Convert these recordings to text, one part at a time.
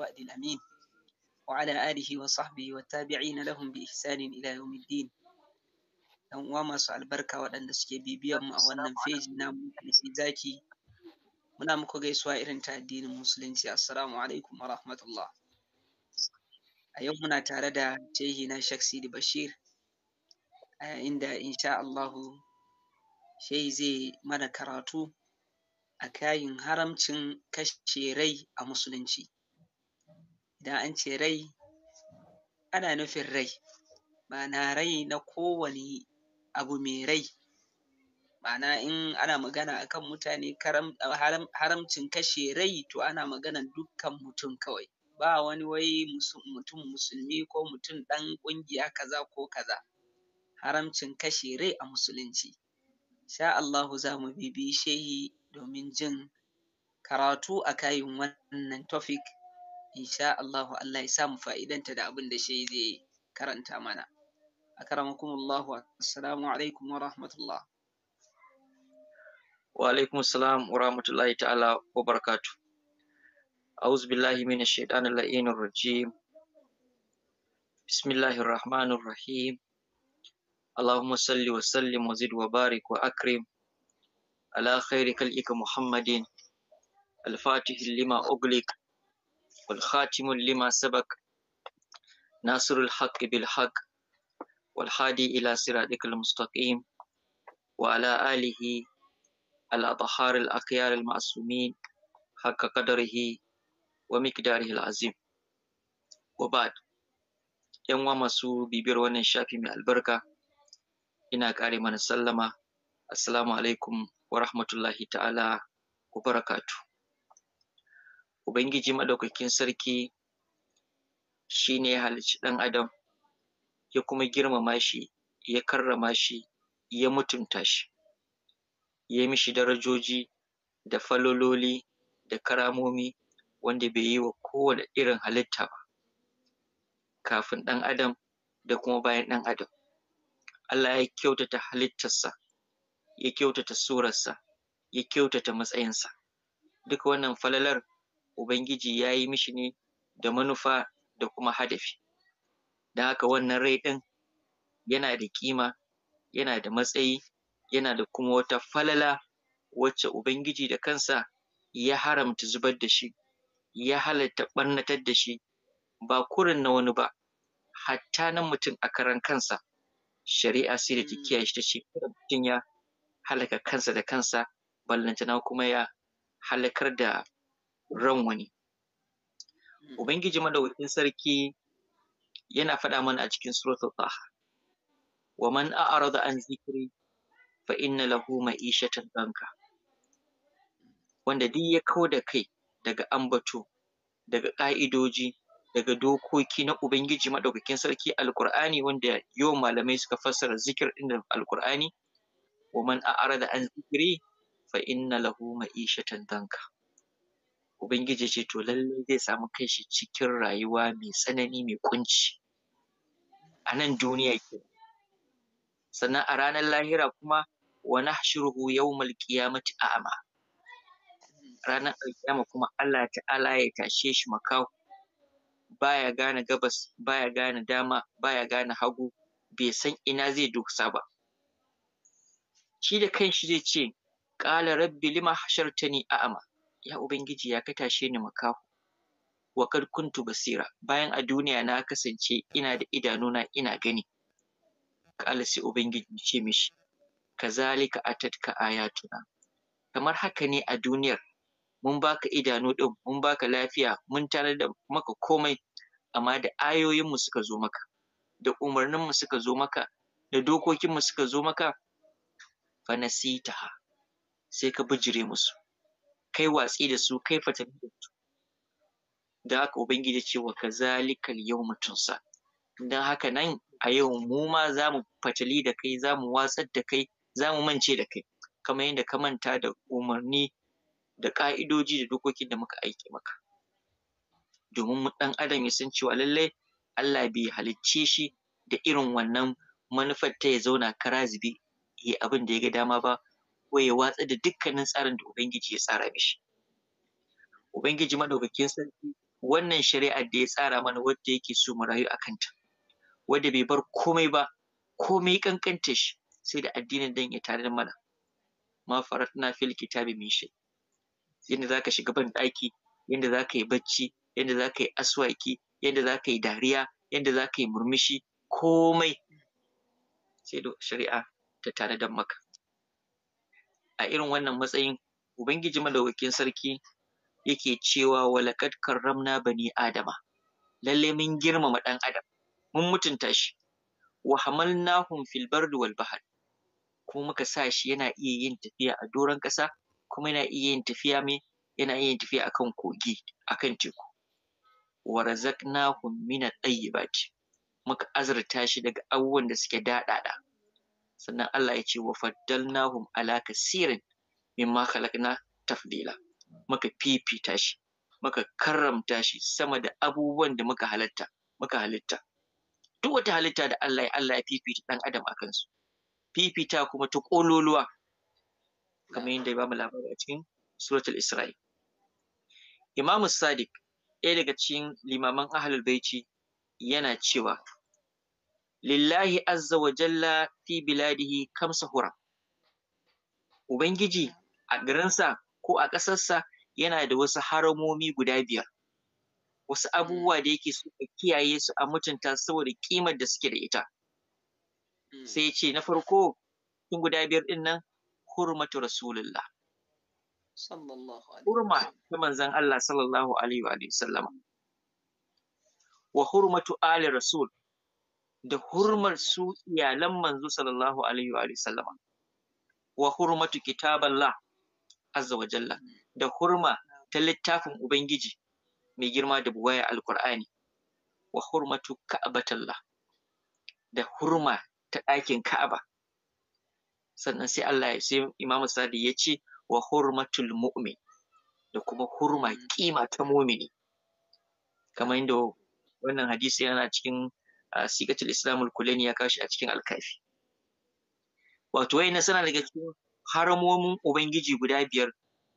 الوعد الأمين وعلى آله وصحبه والتابعين لهم بإحسان إلى يوم الدين yan uwa masu albarka waɗanda suke bibiyan mu a wannan feji na mutunci zaki muna muku gaisuwa irin ta addinin musulunci assalamu alaikum a yau muna tare da shehi na shaksi da bashir a yayin da insha zai mana karatu a kayin haramcin kashe rai a musulunci idan an ce rai ana nufin rai ma'ana rai na kowane abu mai rai ma'ana in ana magana akan mutane haramcin kashe rai to ana maganan dukkan mutum kawai ba wani wai mutum musulmi ko mutum ɗan ƙungiya kaza ko kaza haramcin kashe rai a musulunci sha Allahu za mu bibi shehi domin jin karatu a kayin wannan topic insha Allahu Allah ya samu fa'idanta da abin da shi zai karanta mana A akramakumullah assalamu alaikum wa rahmatullah wa alaikum assalam wa rahmatullahi ta'ala wa barakatuh a'udhu billahi minash shaitanir la'inir rajim bismillahir rahmanir rahim salli wa اللهم wa barik وزد وبارك Ala khairi خير خلقك محمد الفاتح لما أغلق والخاتم لما سبق ناصر الحق بالحق والحادي إلى صراطك المستقيم وعلى آله الأطهار الأخيار المعصومين حق قدره ومقداره العظيم وبعد ‘yan wa masu bibiyar wannan shafi mai albarka ina ƙare mana sallama assalamu alaikum wa rahmatullahi ta'ala wa barakatuh ubangiji maɗaukakin sarki shi ne ya halicci ɗan adam ya kuma girmama shi ya karrama shi ya mutunta shi ya mishi darajoji da falololi da karamomi wanda bai yi wa kowane irin halitta ba kafin ɗan adam da kuma bayan ɗan adam Allah ya kyautata halittarsa ya kyautata surarsa ya kyautata matsayinsa duk wannan falalar ubangiji ya yi mishi ne da manufa da kuma hadafi Don haka wannan rai ɗin yana da ƙima yana da matsayi yana da kuma wata falala wacce ubangiji da kansa ya haramta zubar da shi ya halatta ɓannatar da shi ba kurin na wani ba hatta na mutum a karan kansa shari'a sai da ta mm. kiyaye shi ta ce mutum ya halaka kansa da kansa ballantana kuma ya halakar da ran wani hmm. ubangiji madaukakin sarki yana faɗa mana a cikin suratul taha wa man a'rada an zikri fa inna lahu ma'ishatan danka wanda duk ya kau da kai daga ambato daga ƙa'idoji daga dokoki na ubangiji madaukakin sarki alqur'ani wanda yau malamai suka fassara zikir din da alqur'ani wa man a'rada an zikri fa inna lahu ma'ishatan danka Ubangiji ce to lallai zai samu shi cikin rayuwa mai tsanani mai kunci. a nan duniya ke. Sannan a ranar lahira kuma wa yau yawmal a a'ma. Ranar alkiyama kuma Allah ta'ala ya tashe shi makaho baya gane gabas baya gane dama baya gane hagu bai san ina zai dusa ba. Shi da kanshi zai ce qala rabbi lima hashartani a'ma ya Ubangiji ya ka tashe ni makaho wa kad kuntu basira bayan a duniya na kasance ina da idanuna ina gani qala sai ubangiji ce mishi kazalika atatka ayatuna kamar haka ne a duniyar mun baka idanu din mun baka lafiya mun tanada da maka komai amma da ayoyinmu suka zo maka da umarninmu suka zo maka da dokokinmu suka zo maka fanasitaha sai ka bijire musu kai watsi da su kai fatali da su da aka ubangiji ce wa kazalikal yau mutunsa Don haka nan a yau mu ma za mu fatali da kai za mu watsar da kai za mu mance da kai kamar yadda ka manta da umarni da ƙa'idoji da dokokin da muka aiki maka domin mu ɗan adam ya san cewa lallai Allah bai halicce shi da irin wannan manufar ta ya zauna zube yi abin da ya ga dama ba ko ya watsar da dukkanin tsarin da Ubangiji ya tsara mishi. Ubangiji maɗaukakin sarki wannan shari'ar da ya tsara mana wadda yake so mu rayu a kanta, wadda bai bar komai ba, komai ƙanƙanta shi sai da addinin dan ya tare mana. Ma na fil kitabi min shay. Yadda za ka shiga banɗaki, ɗaki, yadda za ka yi bacci, yadda za ka yi aswaki, yadda za ka yi dariya, yadda za ka yi murmushi, komai sai da shari'a ta tare da maka. a irin wannan matsayin ubangiji madaukakin sarki yake cewa walaqad karramna bani adama lalle mun girmama ɗan adam mun mutunta shi wa hamalnahum fil bardi wal bahr kuma muka sa shi yana iya yin tafiya a doron ƙasa kuma yana iya yin tafiya me yana iya yin tafiya akan kogi akan teku wa razaqnahum min at-tayyibati muka azurta shi daga abubuwan da suke daɗaɗa sannan Allah ya ce wa faddalnahum ala kasirin mimma khalaqna tafdila muka fifita shi muka karramta shi sama da abubuwan da muka halatta muka halitta duk wata halitta da Allah ya Allah ya fifita dan adam a kansu fifita kuma ta kololuwa kamar yadda ya mu labari a cikin suratul isra'i imamu sadiq ɗaya daga cikin limaman ahlul baiti yana cewa lillahi azza wa jalla fi biladihi kam sahura ubangiji a garinsa ko a ƙasarsa yana da wasu haramomi guda biyar wasu hmm. abubuwa da yake so a kiyaye su a mutunta saboda kimar da suke da ita hmm. sai ce na farko cikin guda biyar din nan hurmatu rasulullah hurma ta manzon Allah sallallahu alaihi wa sallama wa hurmatu ali rasul da hurmar su iyalan manzo sallallahu alaihi wa sallama wa hurmatu kitaballah azza wa jalla da hurma ta littafin ubangiji mai girma da buwaya alqur'ani wa hurmatu ka'batallah da hurma ta ɗakin ka'aba sannan sai Allah ya sai imamu Sadi ya ce wa hurmatul mu'min da kuma hurma kima ta mumini kamar yadda wannan hadisi yana cikin a sigatul islamul kulaini ya kashi a cikin alkafi wato na suna daga cikin haramomin ubangiji guda biyar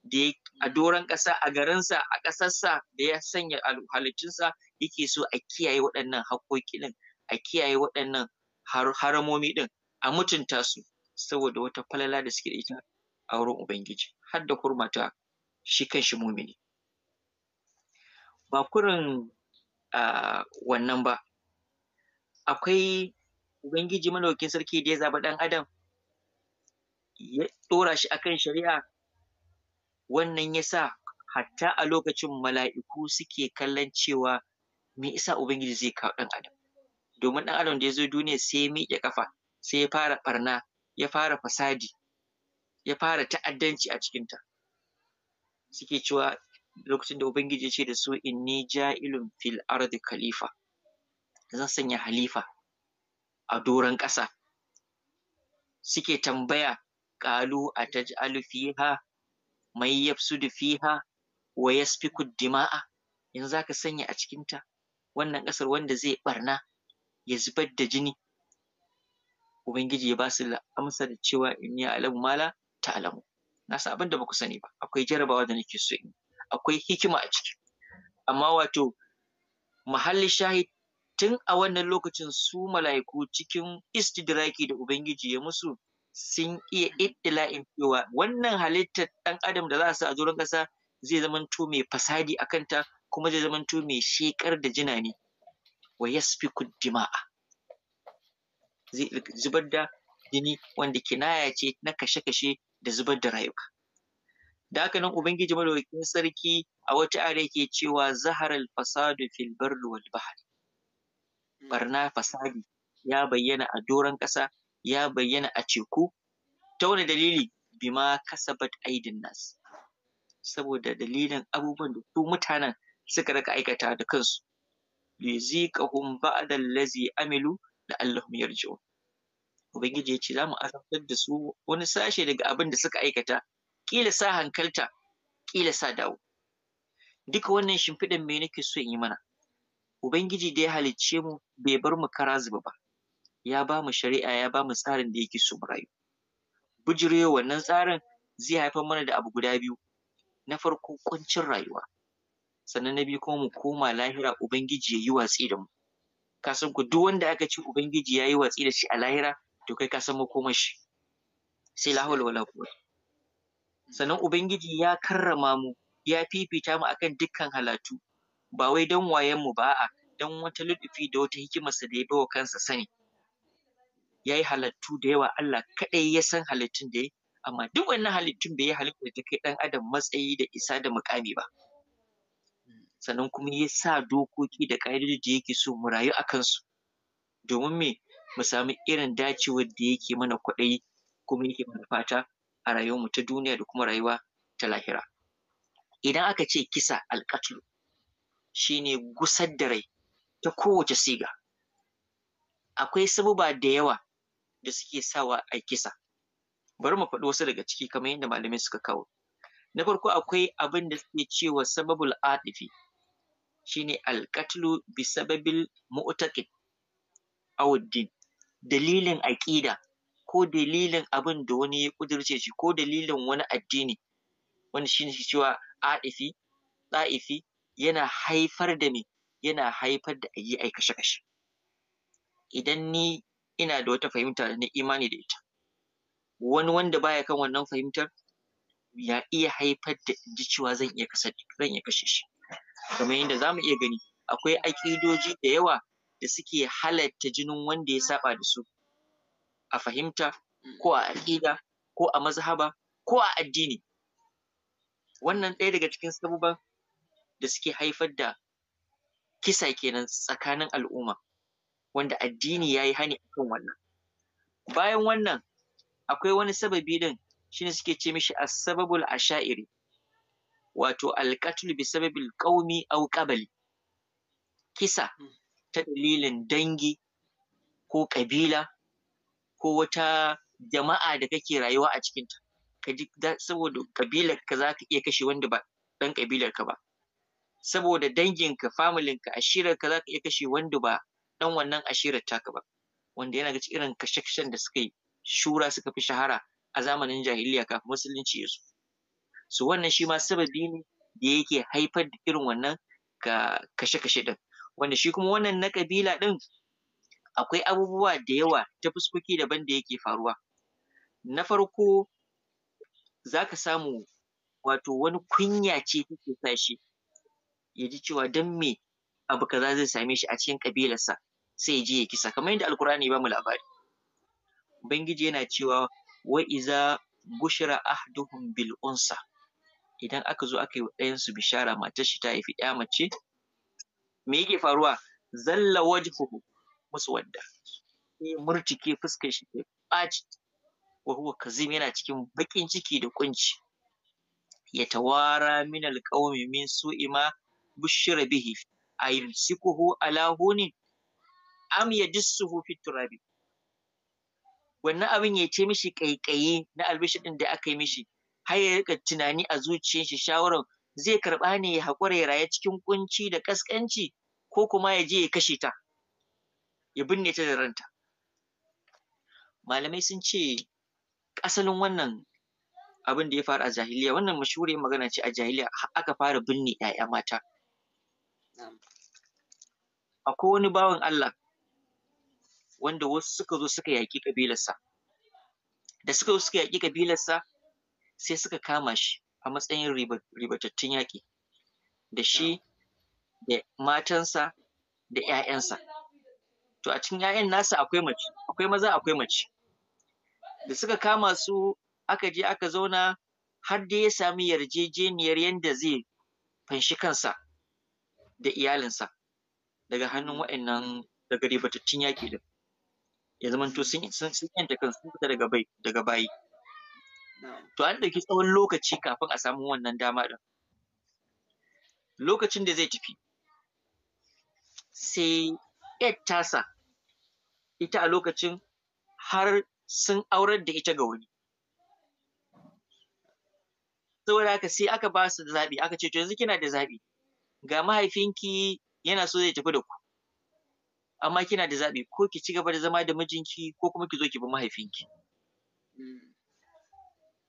da ya a doron ƙasa a garinsa a ƙasarsa da ya sanya halittunsa yake so a kiyaye waɗannan haƙoƙi ɗin a kiyaye waɗannan haramomi ɗin a mutunta su saboda wata falala da suke da ita a wurin ubangiji har da kurmata shi kan shi mumini ba kurin wannan ba akwai Ubangiji Madaukakin Sarki da ya zaɓi ɗan Adam ya ɗora shi akan shari'a wannan ya sa hatta a lokacin mala'iku suke kallon cewa me isa Ubangiji zai kawo ɗan Adam. Domin ɗan Adam da ya zo duniya sai ya miƙe ƙafa, sai ya fara ɓarna, ya fara fasadi, ya fara ta'addanci a cikinta. Suke cewa lokacin da Ubangiji ya ce da su inni ja'ilun fil ardi khalifa. da za su sanya halifa a doron ƙasa suke tambaya ƙalu a taj'alu fiha mai yafsudu fiha wa yasfiku dima'a yanzu za ka sanya a cikinta wannan ƙasar wanda zai ɓarna ya zubar da jini ubangiji ya ba su amsa da cewa in ya alamu mala ta alamu na san abin da ba ku sani ba akwai jarabawa da nake so in akwai hikima a ciki amma wato muhalli shahid tun a wannan lokacin su mala'iku cikin istidraki da ubangiji ya musu sun iya iddila in cewa wannan halittar ɗan adam da za su a zuran ƙasa zai zamanto mai fasadi a kanta kuma zai zamanto mai shekar da jina ne wa yasfiku dima'a zai zubar da jini wanda kinaya ce na kashe-kashe da zubar da rayuka da haka nan ubangiji madaukakin sarki a wata are ke cewa zaharal fasadu fil barri wal barna fasadi ya bayyana a doron ƙasa ya bayyana a teku ta wani dalili bima kasabat aidin nas saboda dalilin abubuwan da su mutanen suka rika aikata da kansu liziqahum ba'da allazi amilu la'allahum yarji'un ubangiji ya ce za mu azabtar da su wani sashe daga abin da suka aikata kila sa hankalta kila sa dawo duka wannan shimfiɗan me nake so in yi mana Ubangiji da ya halicce mu bai bar mu kara zuba ba, ya ba mu shari'a ya ba mu tsarin da yake so mu rayu. Bijirewa wannan tsarin zai haifar mana da abu guda biyu, na farko ƙuncin rayuwa, sannan na biyu kuma mu koma lahira Ubangiji ya yi watsi da mu. Ka san ku duk wanda aka ce Ubangiji ya yi watsi da shi a lahira to kai ka san mu koma shi. Sai lahawla wala quwwata. Sannan Ubangiji ya karrama mu ya fifita mu akan dukkan halatu ba wai don wayen mu ba a don wata ludufi da wata hikimarsa da ya bawa kansa sani ya yi halittu da yawa Allah kaɗai ya san halittun da ya amma duk wannan halittun bai yi halittar da kai ɗan adam matsayi da isa da mukami ba sannan kuma ya sa dokoki da ƙa'idodi da yake so mu rayu a kansu domin me mu sami irin dacewar da yake mana kwaɗayi kuma yake mana fata a rayuwarmu ta duniya da kuma rayuwa ta lahira idan aka ce kisa alƙatlu shine gusar da rai ta kowace siga akwai sabuba da yawa da suke sawa a kisa bari mu faɗi wasu daga ciki kamar yadda malamai suka kawo na farko akwai abin da suke cewa sababul atifi shine alkatlu bi sababil mu'taqid aw dalilin aqida ko dalilin abin da wani ya kudirce shi ko dalilin wani addini wanda shine cewa atifi ɗa'ifi yana haifar da me yana haifar da ayi ai kashe kashe idan ni ina da wata fahimta na imani da ita wani wanda baya kan wannan fahimtar ya iya haifar da inji cewa zan iya kashe zan iya kashe shi kamar yadda za iya gani akwai aƙidoji da yawa da suke halatta jinin wanda ya saɓa da su a fahimta ko a aƙida ko a mazhaba ko a addini wannan ɗaya daga cikin sababan da suke haifar da kisa kenan tsakanin al'umma wanda addini ya yi hani akan wannan bayan wannan akwai wani sababi din shine suke ce mishi as-sababul asha'iri wato alqatl bi sababil qaumi aw qabli kisa ta dalilin dangi ko ƙabila ko wata jama'a da kake rayuwa a cikinta saboda kabilar ka za ka iya kashe wanda ba ɗan kabilar ka ba saboda danginka familinka ashirarka za ka iya kashe wanda ba ɗan wannan ashirar taka ba wanda yana gaci irin kashe-kashen da suka yi shura suka fi shahara a zamanin jahiliya kafin musulunci ya zo su wannan shi ma sababi ne da yake haifar da irin wannan kashe-kashe ɗin wanda shi kuma wannan na kabila ɗin akwai abubuwa da yawa ta fuskoki daban da yake faruwa na farko za ka samu wato wani kunya ce take sa shi ya ji cewa dan me abu kaza zai same shi a cikin kabilarsa sai ya je ya kisa kamar yadda alkur'ani ba mu labari ubangiji yana cewa wa iza bushira ahduhum bil unsa idan aka zo aka yi ɗayan su bishara matar shi ta haifi ƴa mace me yake faruwa zalla wajhuhu muswadda murtike fuskar shi ya ɓaci wa huwa kazim yana cikin baƙin ciki da kunci ya tawara min alqawmi min su'ima ma bushira bihi sikuhu ala hunin am yadissuhu fi turabi wannan abin ya ce mishi kaikayi na albishi din da aka yi mishi har ya rika tunani a zuciyar shi shawarar zai karɓa ne ya haƙura ya raye cikin kunci da ƙasƙanci ko kuma ya je ya kashe ta ya binne ta da ranta malamai sun ce asalin wannan abin da ya faru a jahiliya wannan mashhuriyar magana ce a jahiliya aka fara binne 'ya'ya mata Akwai wani bawan Allah wanda wasu suka zo suka yaƙi ƙabilarsa. Da suka zo suka yaƙi ƙabilarsa sai suka kama shi a matsayin ribatattun yaƙi da shi da matansa da ‘ya'yansa. To a cikin ‘ya'yan nasa akwai mace, akwai maza akwai mace. Da suka kama su aka je aka zauna har dai ya sami yarjejeniyar yadda zai fanshi kansa da iyalinsa daga hannun mm. wa'annan daga ribatattun yaƙi da, ya to sun sun yanta kan sun fita daga bai daga bayi to an ɗauki tsawon lokaci kafin a samu wannan dama din lokacin da zai tafi sai ƴar tasa ita a lokacin har sun aurar da ita ga wani saboda haka sai aka ba su zaɓi aka ce to yanzu kina da zaɓi ga mahaifinki yana so zai tafi da ku amma kina da zaɓi ko ki ci gaba da zama da mijinki ko kuma ki zo ki bi mahaifinki hmm.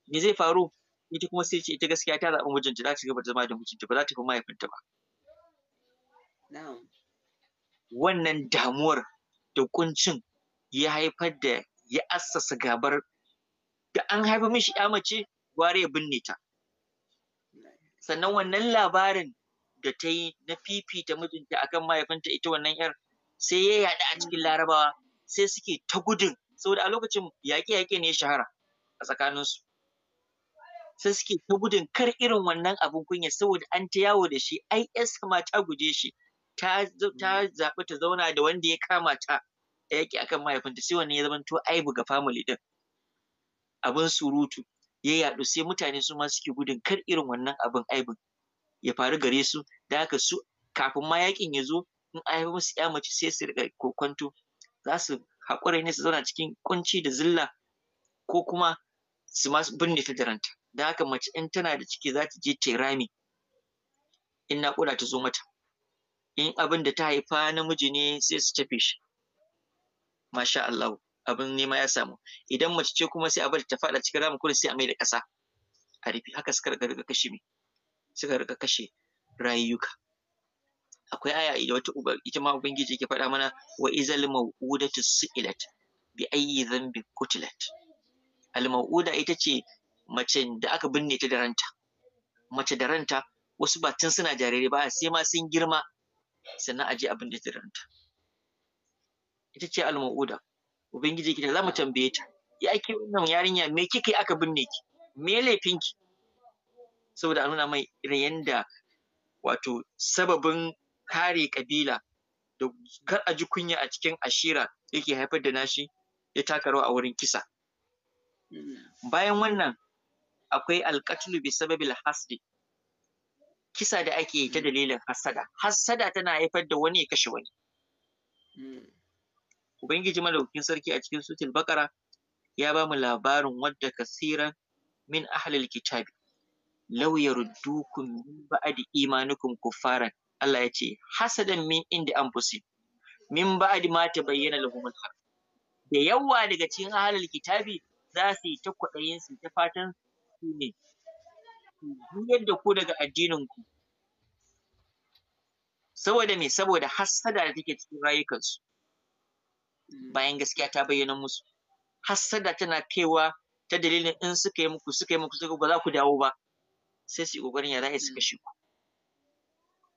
me zai faru ita kuma sai ce ita gaskiya ta zaɓi mijinta za ta ci gaba da zama da mijinta ba za ta bi mahaifinta ba wannan damuwar da kuncin ya haifar da ya assasa gabar da an haifa mishi ya mace gware ya binne ta sannan wannan labarin da ta yi na fifita mijinta akan mahaifinta ita wannan yar sai ya yaɗu a cikin mm. larabawa sai suke ta gudun saboda a lokacin yaƙe-yaƙe ne shahara a tsakaninsu sai suke ta gudun kar irin wannan abin kunya saboda an ta yawo da shi ai mata ma ta guje shi ta ta mm. zaɓi ta zauna da wanda ya kama ta da yaƙi akan mahaifinta sai wannan ya zama to aibu ga family din abin surutu ya yaɗu sai mutane su ma suke gudun kar irin wannan abin aibin ya faru gare su da haka su kafin ma yakin ya zo in a haifa musu ya mace sai su riƙa kokwanto za su haƙura ne su zauna cikin kunci da zilla ko kuma su masu binne ta da ranta da haka mace in tana da ciki za ta je ta rami in naƙuda ta zo mata in abin da ta haifa namiji ne sai su tafe shi masha Allah abin nema ya samu idan mace ce kuma sai a bar ta faɗa cikin ramin kullum sai a mai da ƙasa a rufe haka suka riga kashe mai suka rika kashe rayuka akwai aya wata uba ita ma ubangiji ke faɗa mana wa izal maw'udatu su'ilat bi ayyi dhanbi qutilat al maw'uda ita ce mace da aka binne ta da ranta mace da ranta wasu ba tun suna jarirai ba sai ma sun girma sannan aje abin da ta da ranta ita ce al maw'uda ubangiji kita za mu tambaye ta ya ke wannan yarinya me kika yi aka binne ki me laifin ki saboda a nuna mai irin yadda wato sababin kare kabila da kar a ji kunya a cikin ashira yake haifar da nashi ya taka rawa a wurin kisa bayan wannan akwai alqatlu bi sababil hasdi kisa da ake yi ta dalilin hassada hassada tana haifar da wani ya kashe wani ubangiji malaukin sarki a cikin sutil bakara ya ba mu labarin wadda kasiran min ahlil kitabi law yaruddukum min ba'di imanikum kuffaran Allah ya ce hasadan min an anfusih min ba'di ma tabayyana lahum al-haq da yawa daga cikin ahlul kitabi za su yi ta kwaɗayin su ta fatan su ne juyar da ku daga addinin ku saboda me saboda hassada da take cikin rayukansu bayan gaskiya ta bayyana musu hassada tana kaiwa ta dalilin in suka yi muku suka yi muku suka ba za ku dawo ba sai su yi ƙoƙarin ya za su mm. kashe ku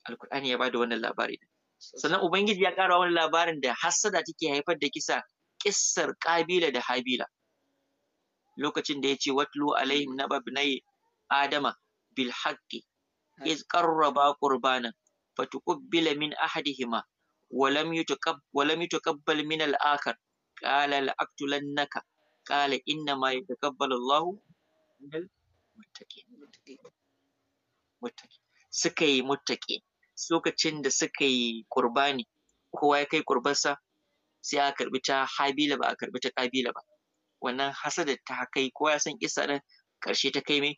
alkur'ani ya ba da wannan labari sannan ubangiji ya ƙara wani labarin da hassada take haifar da kisa kissar ƙabila da habila lokacin da ya ce watlu alaihim mm. na babnai adama bil haqqi iz qarraba qurbanan fatuqbila min ahadihima wa lam yutaqab wa lam yutaqabbal min al akhar qala la aqtulannaka qala inna ma Allahu muttaqi muttaqi suka yi muttaqi lokacin da suka yi qurbani kowa ya kai qurbarsa sai aka karbi ta habila ba a karbi ta kabila ba wannan hasada ta kai kowa ya san kissa din karshe ta kai me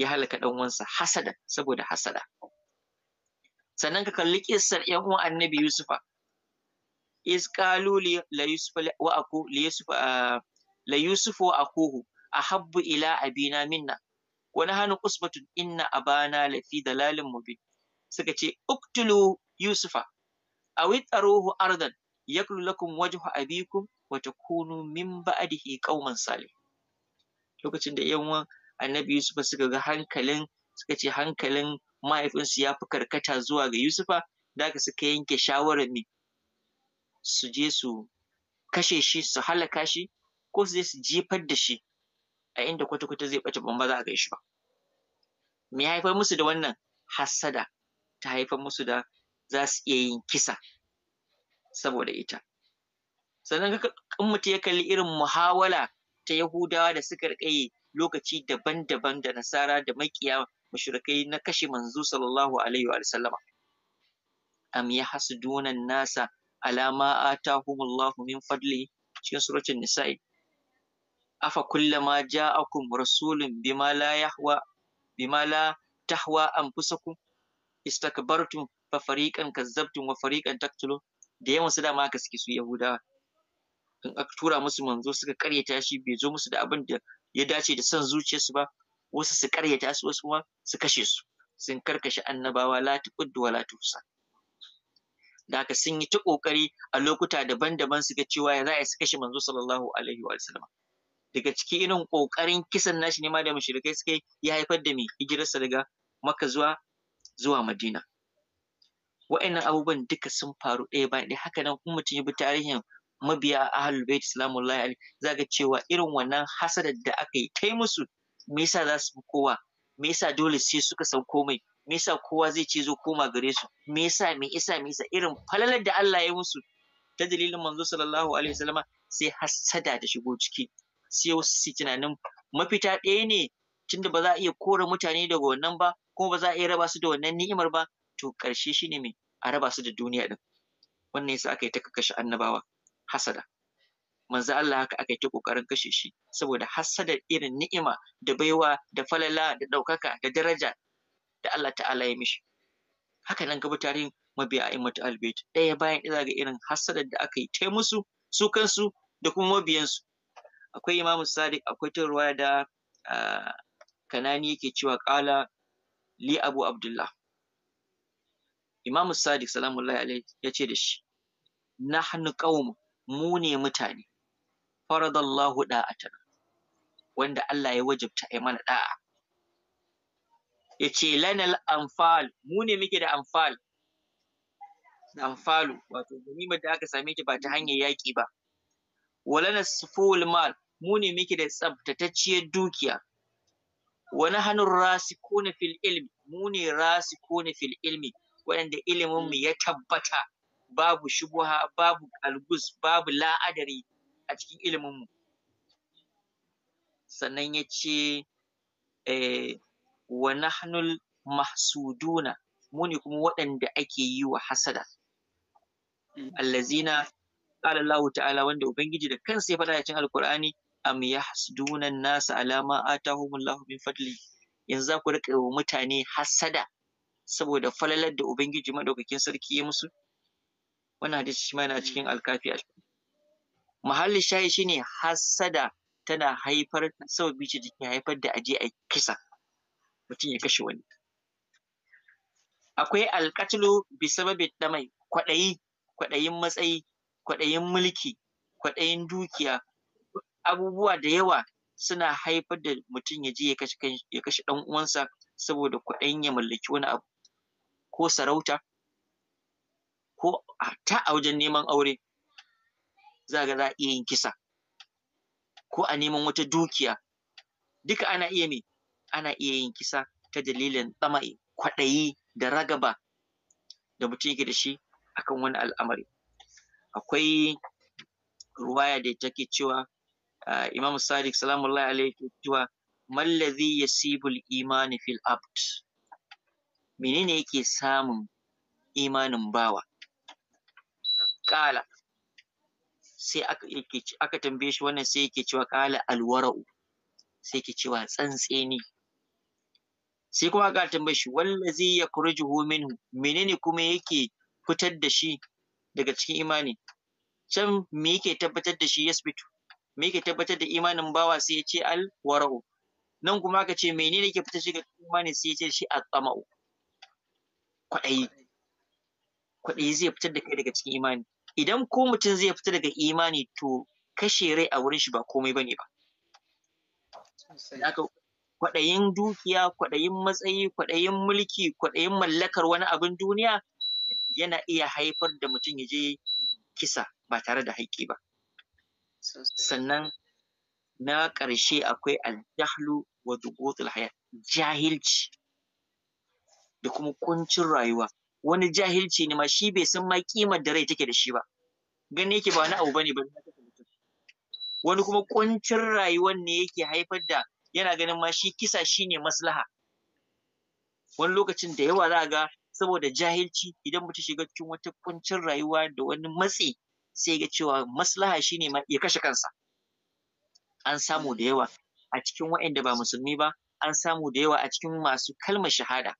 ya halaka dan uwansa hasada saboda hasada sannan ka kalli kissar yan uwan annabi yusufa iz qalu la yusufa wa aku li yusufa ah, la wa akuhu ahabbu ila abina minna wani hannu usbatun inna abana lafi lalin mubi suka ce uktulu yusufa a aw taruhu ardan yaklu lakum wajhu abikum wa takunu min ba'dihi qauman salih lokacin da yan annabi yusufa suka ga hankalin suka ce hankalin mahaifinsu ya fi karkata zuwa ga yusufa da aka suka yanke shawarar ne su je su kashe shi su halaka shi ko su je su jefar da shi a inda kwata-kwata zai ɓace ba za a gaishe ba me ya haifar musu da wannan hassada ta haifar musu da za su iya yin kisa saboda ita sannan in mutum ya kalli irin muhawala ta yahudawa da suka riƙe lokaci daban-daban da nasara da maƙiya mushrikai na kashe manzo sallallahu alaihi wa sallama am yahsuduna nasa A ta atahumullahu min fadli cikin suratul nisa'i afa kullama ja'akum rasulun bima la yahwa bima la tahwa anfusakum istakbartum fa fariqan kazzabtum wa fariqan taqtulun da yawan su dama suke su yahudawa in aka tura musu manzo suka karyata shi bai zo musu da abin da ya dace da san zuciyarsu ba wasu su karyata su wasu kuma su kashe su sun karkashe annabawa la tuquddu wa la tusa da aka sun yi ta kokari a lokuta daban-daban su ga cewa ya za a su kashe manzo sallallahu alaihi wa sallam daga ciki irin ƙoƙarin kisan nashi ne ma da mushrikai suka yi ya haifar da mai hijirarsa daga maka zuwa zuwa Madina wa'annan abubuwan duka sun faru ɗaya bayan ɗaya haka nan kuma mutum ya bi tarihin mabiya ahlul bait salamullahi alaihi ga cewa irin wannan hasadar da aka yi ta musu me yasa za su bi kowa me yasa dole sai suka san komai me yasa kowa zai ce zo koma gare su me yasa me yasa me yasa irin falalar da Allah ya yi musu ta dalilin manzo sallallahu alaihi wasallama sai hasada da shigo ciki sai wasu su tunanin mafita ɗaya ne tunda ba za a iya kore mutane daga wannan ba kuma ba za a iya raba su da wannan ni'imar ba to ƙarshe ne me a raba su da duniya ɗin wannan yasa aka yi ta kashe annabawa hasada manzo Allah haka aka yi ta ƙoƙarin kashe shi saboda hasada irin ni'ima da baiwa da falala da ɗaukaka da daraja da Allah ta'ala ya mishi haka nan gaba tarihin mabiya a'immatu albayt ɗaya bayan ɗaya ga irin hasadar da aka yi ta musu su kansu da kuma mabiyansu akwai imamu sadiq akwai ta ruwaya da ah, kanani yake cewa ƙala li abu abdullah imamu sadiq salamullahi alaihi ya ce da shi nahnu qaum mu ne mutane faradallahu da'atana wanda Allah ya wajibta ai mana da'a yace lanal anfal mu ne muke da anfal da anfalu wato ganimar da aka same ta ba ta hanyar yaƙi ba walana suful mal mu ne muke da tsabtatacciyar dukiya wani hannun na fil ilmi mu ne na fil ilmi waɗanda ilimin mu ya tabbata babu shubuha babu algus babu la'adari a cikin ilimin mu sannan ya ce eh, wani hannun mahsuduna mu ne kuma waɗanda ake yi wa hasada hmm. allazina qala Allah ta'ala wanda ubangiji da kansa ya faɗa a cikin alqur'ani am yahsuduna an-nas ala ma Allahu min fadli yanzu za ku riƙa wa mutane hasada saboda falalar da ubangiji madaukakin sarki ya musu wannan hadisi shi ma yana cikin alkafi mahallin shayi shine hasada tana haifar sababi ce take haifar da aje a kisa mutum ya kashe wani akwai alkatlu bi sababi damai kwaɗayi kwaɗayin matsayi kwaɗayin mulki kwaɗayin dukiya abubuwa da yawa suna haifar da mutum ya je ya kashe ɗan uwansa saboda kwaɗayin ya mallaki wani abu ko sarauta ko hatta a wajen neman aure za ga za a iya yin kisa ko a neman wata dukiya duka ana iya me ana iya yin kisa ta dalilin tsama'i kwaɗayi da ragaba da mutum yake da shi akan wani al'amari akwai ruwaya da take cewa ah, Imam Sadiq salamullahi alaihi ke cewa mallazi yasibul imani fil abd menene yake samun imanin bawa kala sai aka tambaye shi wannan sai yake cewa kala alwara'u sai yake cewa tsantseni sai kuma aka tambaye shi wallazi yakhrujuhu minhu menene kuma yake fitar da shi daga cikin imani can me yake tabbatar da shi yasbitu me yake tabbatar da imanin bawa sai ya ce al wara'u nan kuma aka ce menene yake fitar shi ga imani sai ya ce shi al tsama'u kwaɗayi kwaɗayi zai fitar da kai daga cikin imani idan ko mutum zai fita daga imani to kashe rai a wurin shi ba komai bane ba haka kwaɗayin dukiya kwaɗayin matsayi kwaɗayin mulki kwaɗayin mallakar wani abin duniya yana iya haifar da mutum ya je kisa ba tare da haƙƙi ba sannan na ƙarshe akwai aljahlu wa dhubutul jahilci da kuma kuncin rayuwa wani jahilci ne ma shi bai san ma kimar da rai take da shi ba gani yake ba wani abu bane ba wani kuma ƙuncin rayuwan ne yake haifar da yana ganin ma shi kisa shi ne maslaha wani lokacin da yawa za ga saboda jahilci idan mutum shiga cikin wata kuncin rayuwa da wani matsi sai ga cewa maslaha shine ma ya kashe kansa an samu da yawa a cikin waɗanda ba musulmi ba an samu da yawa a cikin masu kalmar shahada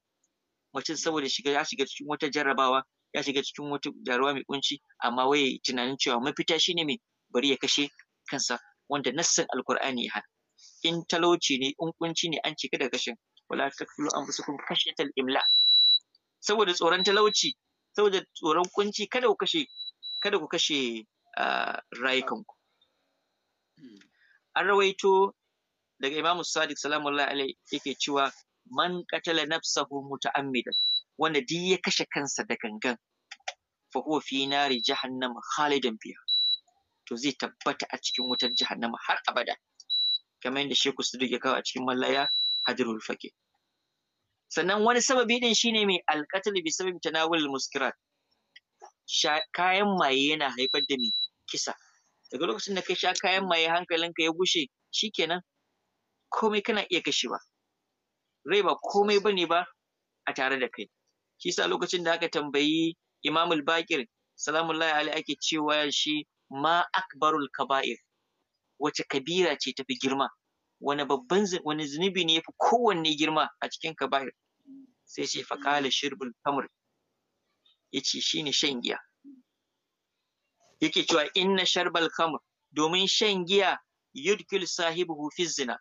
mutum saboda shiga ya shiga cikin wata jarrabawa ya shiga cikin wata jarrabawa mai kunci amma yi tunanin cewa mafita shine mai bari ya kashe kansa wanda nassin alkur'ani ya haɗa. in talauci ne in kunci ne an cika da kashin wala taqtulu anfusakum khashyata al-imla' saboda tsoron talauci saboda tsoron kunci kada ku kashe kada ku kashe rayukanku an rawaito daga imamu sadiq salamullahi alaihi yake cewa man qatala nafsahu muta'ammidan wanda duk ya kashe kansa da gangan fa huwa fi nari jahannam khalidan fiha to zai tabbata a cikin wutar jahannama har abada kamar yadda sheku Suduq ya kawo a cikin mallaya Hadrul fakir sannan wani sababi din shine mai alqatl bi sababi tanawul muskirat kayan maye yana haifar da mai kisa daga lokacin da ka sha kayan maye hankalinka ya bushe, gushe shikenan komai kana iya kashewa rai ba komai ba ne ba a tare da kai shi sa lokacin da aka tambayi imamul Baƙir? Salamun salamullahi alaihi ake cewa shi ma akbarul kaba'ir wace kabira ce tafi girma wani babban wani zunubi ne yafi kowanne girma a cikin kaba'ir sai ce faqala shirbul ce shi ne shan giya yake cewa inna sharbal Kamar domin shan giya yudkil sahibu hufi zina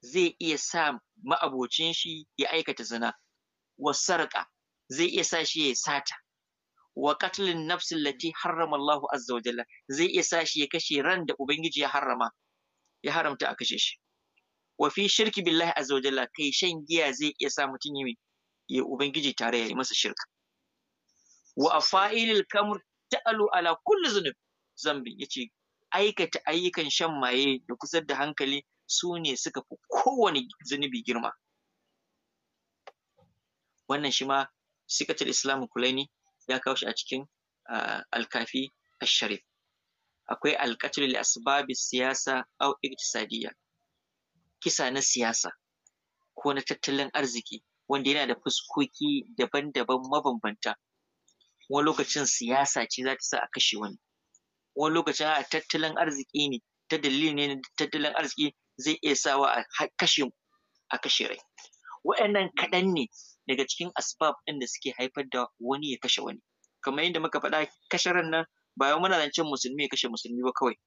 zai iya sa ma'abocin shi ya aikata zina wa sarƙa zai iya sa shi ya sata wa katlin nafsin lati harrama Allahu azza wa jalla zai iya sa shi ya kashe ran da ubangiji ya harrama ya haramta a kashe shi wa shirki billahi a wa kai shan giya zai iya sa mutum yi ya ubangiji tare ya yi masa shirka wa afailil kamr ta'alu ala kulli zunub zambi yace aikata ayyukan shan maye da kusar da hankali su ne suka fi kowane zunubi girma wannan shi ma sikatul kulai kulaini ya kawo shi a cikin ah, alkafi asharif akwai alƙatul li asbabi siyasa aw iqtisadiyya kisa na siyasa ko na tattalin arziki wanda yana da fuskoki daban-daban mabambanta wani lokacin siyasa ce za ta sa a kashe wani wani lokacin a tattalin arziki ne ta dalili ne tattalin arziki zai iya sawa a kashe a kashe rai waɗannan kaɗan ne daga cikin asbab ɗin da suke haifar da wani ya kashe wani kamar yadda muka faɗa kashe ran nan ba wai muna zancen musulmi ya kashe musulmi ba kawai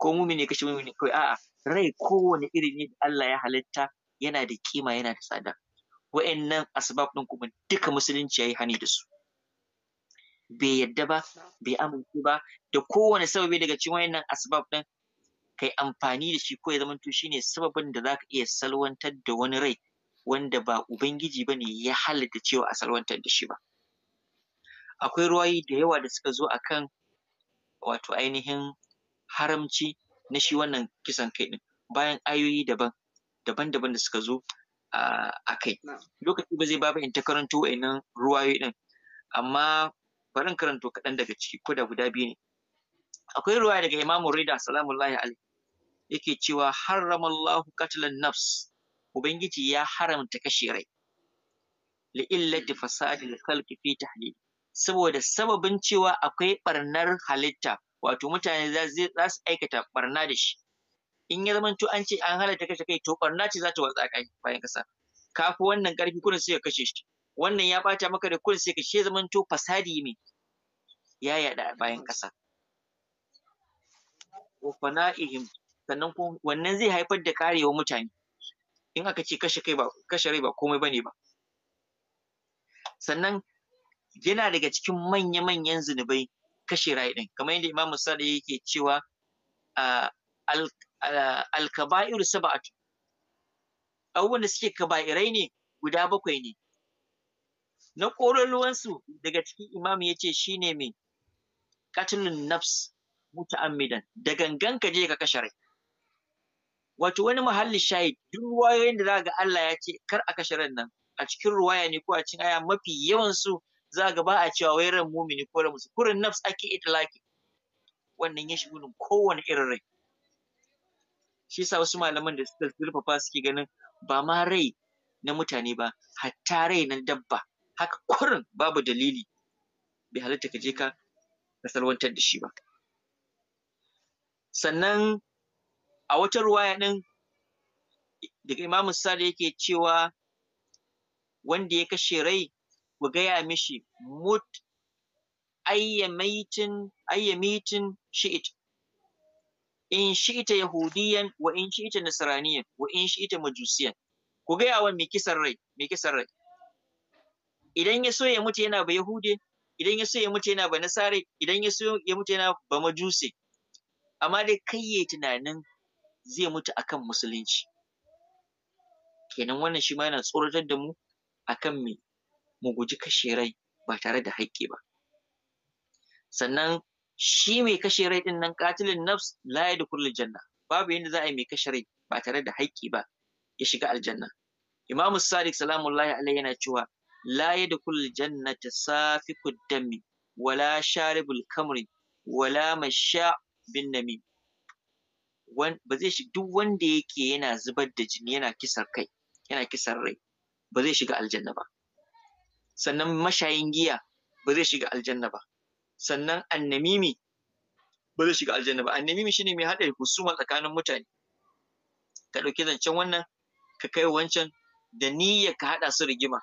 ko mumin ya kashe mumin kawai a'a rai kowane irin ne da Allah ya halitta yana da kima yana da tsada wa'annan asbab ɗin kuma duka musulunci yayi hani da su bai yadda ba bai amince ba da kowane sababi daga cikin wa'annan asbab ɗin kai amfani da shi ko ya zamanto shine sababin da zaka iya salwantar da wani rai wanda ba ubangiji bane ya halitta cewa a salwantar da shi ba akwai ruwayi da yawa da suka zo akan wato ainihin haramci na shi wannan kisan kai ɗin bayan ayoyi daban daban-daban da suka zo a kai lokaci ba zai ba in ta karanto wa'innan ruwayoyi ɗin amma bari in karanto kaɗan daga ciki ko da guda biyu ne akwai ruwaya daga imamu rida salamullahi alaihi yake cewa haramallahu Katalan nafs ubangiji ya haramta kashe rai li'illati fasadil khalqi fi tahlil saboda sababin cewa akwai ɓarnar halitta wato mutane za su aikata ɓarna da shi in ya to an ce an halatta kashe kai to ɓarna ce za ta watsa kai bayan ƙasa ka fi wannan ƙarfi kurin sai ka kashe shi wannan ya ɓata maka da kurin sai ka shi to fasadi ne ya yaɗa bayan ƙasa wa fana'ihim sannan kuma wannan zai haifar da karewa mutane in aka ce kashe kai ba kashe rai ba komai bane ba sannan yana daga cikin manya-manyan zunubai kashe rai ɗin kamar yadda Imam Sadiq yake cewa al-kaba'ir abubuwan da suke kaba'irai ne guda bakwai ne na ƙororuwansu daga cikin imam ya ce shi ne mai katilun nafs muta'ammidan da gangan ka je ka kashe rai wato wani muhalli shayi duk ruwayoyin da za ga Allah ya ce kar a kashe ran nan a cikin ruwaya ne ko a cikin aya mafi yawansu za ga ba a cewa wai ran mumini ko ran musu kurin nafs ake itilaki wannan ya shigo kowane irin rai shi yasa wasu malaman da suka zurfafa suke ganin ba ma rai na mutane ba hatta rai na dabba haka kurin babu dalili bai halatta ka je ka ka salwantar da shi ba sannan a wata ruwaya din daga imamu sada yake cewa wanda ya kashe rai ku gaya mishi mut ayyamitin ayyamitin shi'it in shi'ita yahudiyan wa in shi'ita nasraniyan wa in shi'ita majusiyan ku gaya wa mai kisan rai mai kisan rai idan ya so ya mutu yana ba yahude idan ya so ya mutu yana ba nasare idan ya so ya mutu yana ba majusi amma dai kai yayi tunanin zai mutu akan musulunci kenan wannan shi ma yana tsoratar da mu akan me mu guji kashe rai ba tare da haƙƙi ba sannan shi mai kashe rai ɗin nan katilin nafs la yadkhulul janna babu yadda za a yi mai kashe rai ba tare da haƙƙi ba ya shiga aljanna imamu sadiq salamullahi alaihi yana cewa la ta jannata safikud dami wala sharibul kamri wala masha bin nami. ba zai shiga duk wanda yake yana zubar da jini yana kisar kai yana kisar rai ba zai shiga aljanna ba sannan mashayin giya ba zai shiga aljanna ba sannan annamimi ba zai shiga aljanna ba annamimi shine mai haɗa husuma tsakanin mutane ka ɗauki zancen wannan ka kai wancan da niyyar ka haɗa su rigima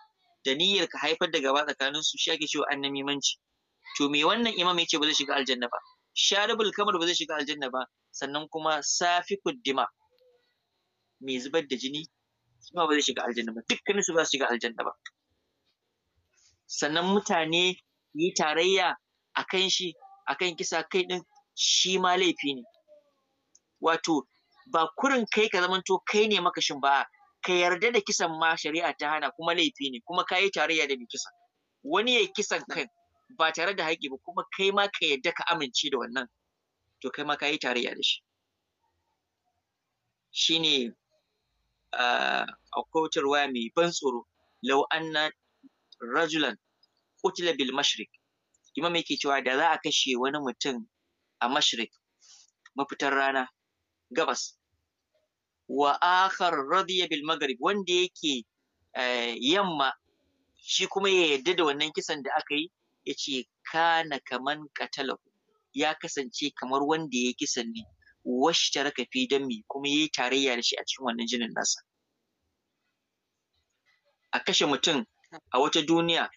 da niyyar ka haifar da gaba tsakanin su shi ake cewa annamimanci to me wannan imam yace ba zai shiga aljanna ba sharibul kamar ba zai shiga aljanna ba sannan kuma Safi dima mai zubar da jini shi ba zai shiga aljanna ba dukkanin su ba su shiga aljanna ba sannan mutane yi tarayya a kan shi a kan kisa kai ɗin shi ma laifi ne wato ba kurin kai ka zamanto kai ne makashin ba ka yarda da kisan ma shari'a ta hana kuma laifi ne kuma ka yi tarayya da mai kisa wani ya kisan kan ba tare da haƙƙi ba kuma kai ma ka yarda ka amince da wannan to kai ma ka yi tarayya da shi shine ah, a kowace mai ban tsoro lau rajulan kutila bil mashrik imam yake cewa da za a kashe wani mutum a mashrik? mafitar rana gabas wa akhar radiya bil maghrib wanda yake eh, yamma shi kuma ya yarda da wannan kisan da aka yi ya ce kana kaman qatalahu ya kasance kamar wanda ya kisan ne washtaraka fi dami kuma yayi tarayya da shi a cikin wannan jinin nasa a kashe mutum a wata duniya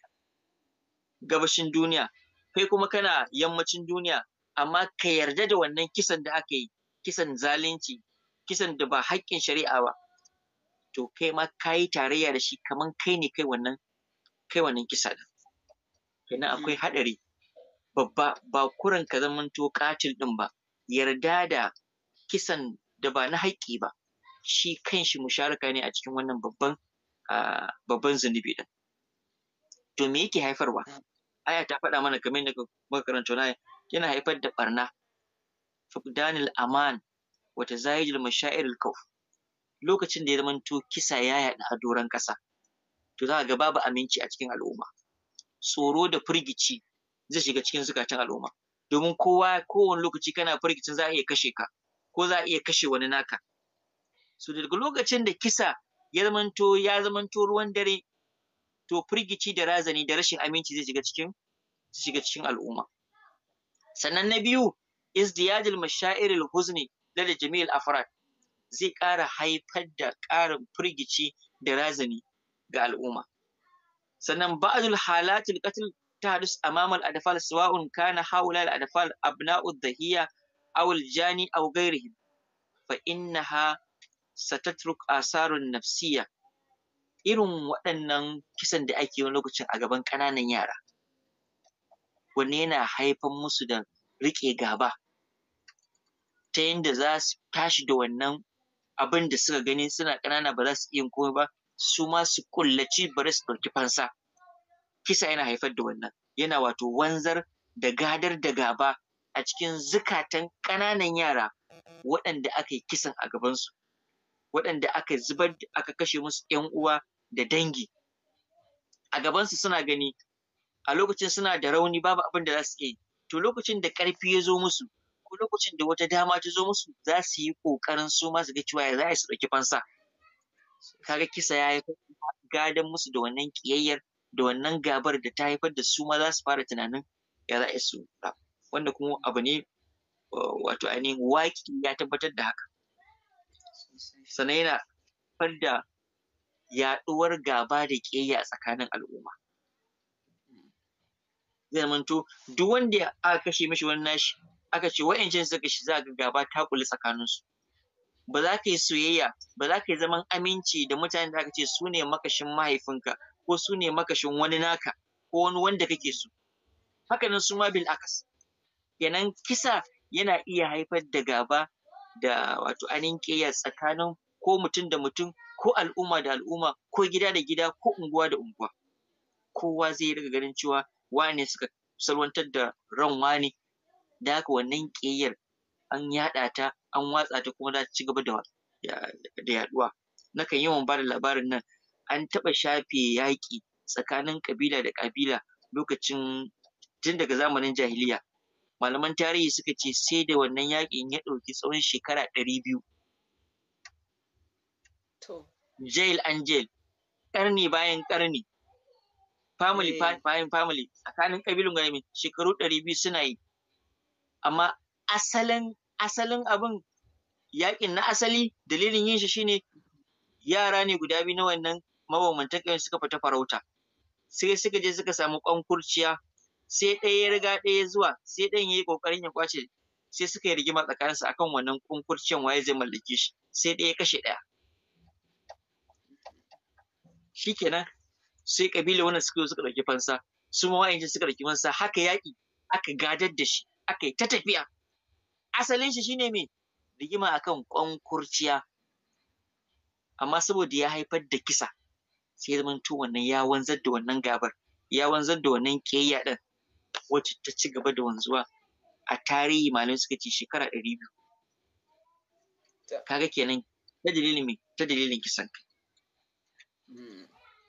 gabashin duniya kai kuma kana yammacin duniya amma ka yarda da wannan kisan da aka yi kisan zalunci kisan da ba haƙƙin shari'a ba to kai ma ka yi tarayya da shi kamar kai ne kai wannan kai wannan kisa ɗin kenan akwai haɗari babba ba kurin ka zamanto ƙatil ɗin ba yarda da kisan da ba na haƙƙi ba shi kanshi musharaka ne a cikin wannan babban ah, babban zunubi ɗin to me yake haifarwa aya ta faɗa mana kamar yadda muka karanta na yana haifar da barna fuqdanil aman wa tazayidul mashairil kauf lokacin da ya zamanto kisa ya yaɗu a doron ƙasa to za ga babu aminci a cikin al'umma tsoro da firgici zai shiga cikin zukatan al'umma domin kowa kowane lokaci kana firgicin za a iya kashe ka ko za a iya kashe wani naka so daga lokacin da kisa ya zamanto ya zamanto ruwan dare to firgici da razani da rashin aminci zai shiga cikin shiga cikin al'umma sannan na biyu izdiyadil mashairil huzni lada jami'il afrad zai ƙara haifar da ƙarin firgici da razani ga al'umma sannan ba'dul halatil qatl tahdus amama al-adfal sawa'un kana haula al-adfal abna'u dhahiya aw al-jani aw ghayrihim fa innaha satatruk asarun nafsiyya irin waɗannan kisan da ake wani lokacin a gaban ƙananan yara wanne yana haifar musu da riƙe gaba ta yadda za su tashi da wannan abin da suka gani suna ƙanana ba za su iya komai ba su ma su kullaci bari su ɗauki fansa kisa yana haifar da wannan yana wato wanzar da gadar da gaba a cikin zukatan ƙananan yara waɗanda aka yi kisan a gabansu waɗanda aka zubar aka kashe musu ‘yan uwa da dangi a gabansu suna gani a lokacin suna da rauni babu abin da za su yi to lokacin da ƙarfi ya zo musu ko lokacin da wata dama ta zo musu za su yi ƙoƙarin su ma su ga cewa za su ɗauki fansa kaga kisa ya haifar gadan musu da wannan ƙiyayyar da wannan gabar da ta haifar da su ma za su fara tunanin ya za su wanda kuma abu ne wato ainihin waƙi ya tabbatar da haka sannan yana far da yaɗuwar gaba da ƙiyayya a tsakanin al'umma. Zai zamanto duk wanda aka kashe mishi wani nashi aka ce wa'yancan suka kashe za ga gaba ta kuli tsakaninsu. Ba za ka yi soyayya ba za ka yi zaman aminci da mutanen da aka ce su ne makashin mahaifinka ko su ne makashin wani naka ko wani wanda kake so. Hakanan su ma bil akas. Kenan kisa yana iya haifar da gaba da wato ainihin ƙiyayya tsakanin ko mutum da mutum ko al'umma da al'umma ko gida da gida ko unguwa da unguwa kowa zai riga ganin cewa wane suka salwantar da ran wane da haka wannan ƙiyayyar an yaɗa ta an watsa ta kuma za ta ci gaba da da yaɗuwa nakan yawan ba da labarin nan an taɓa shafe yaƙi tsakanin ƙabila da ƙabila lokacin tun daga zamanin jahiliya malaman tarihi suka ce sai da wannan yaƙin ya ɗauki tsawon shekara ɗari biyu jail and jail ƙarni bayan ƙarni family eh. bayan family tsakanin ƙabilun gani shekaru ɗari biyu suna yi amma asalin asalin abin yakin na asali dalilin yin shi shine yara ne guda biyu na wannan mabambantan ƙauyen suka fita farauta sai suka je suka samu ƙwankurciya sai ɗaya ya riga ɗaya zuwa sai ɗayan ya yi ƙoƙarin ya kwace sai suka yi rigima tsakaninsu akan wannan ƙwankurciyan waye zai mallake shi sai ɗaya ya kashe ɗaya shikenan sai kabila wannan suka suka dauki fansa su ma wa'ancan suka dauki fansa haka yaki aka gadar da shi aka yi ta tafiya asalin shi shine me rigima akan kwankurciya amma saboda ya haifar da kisa sai zaman to wannan ya wanzar da wannan gabar ya wanzar da wannan kiyayya din wacce ta ci gaba da wanzuwa a tarihi malamai suka ce shekara ɗari biyu kaga kenan ta dalilin ta dalilin kisan kai hmm.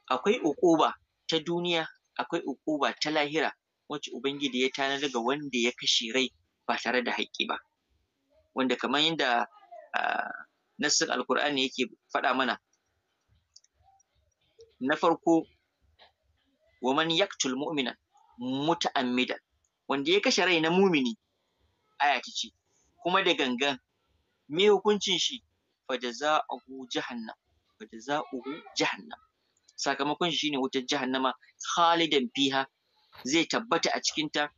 akwai uquba ta duniya akwai uquba ta lahira wacce ubangiji ya tanadar ga wanda ya kashe rai ba tare da haƙƙi ba wanda kamar yadda nassin alkur'ani yake faɗa mana na farko wa man yaktul mu'mina muta'ammidan wanda ya kashe rai na mumini aya ta ce kuma da gangan me hukuncin shi fa jaza'uhu jahannam fa jaza'uhu jahannam sakamakon shi shine wutar jahannama khalidan fiha zai tabbata a cikinta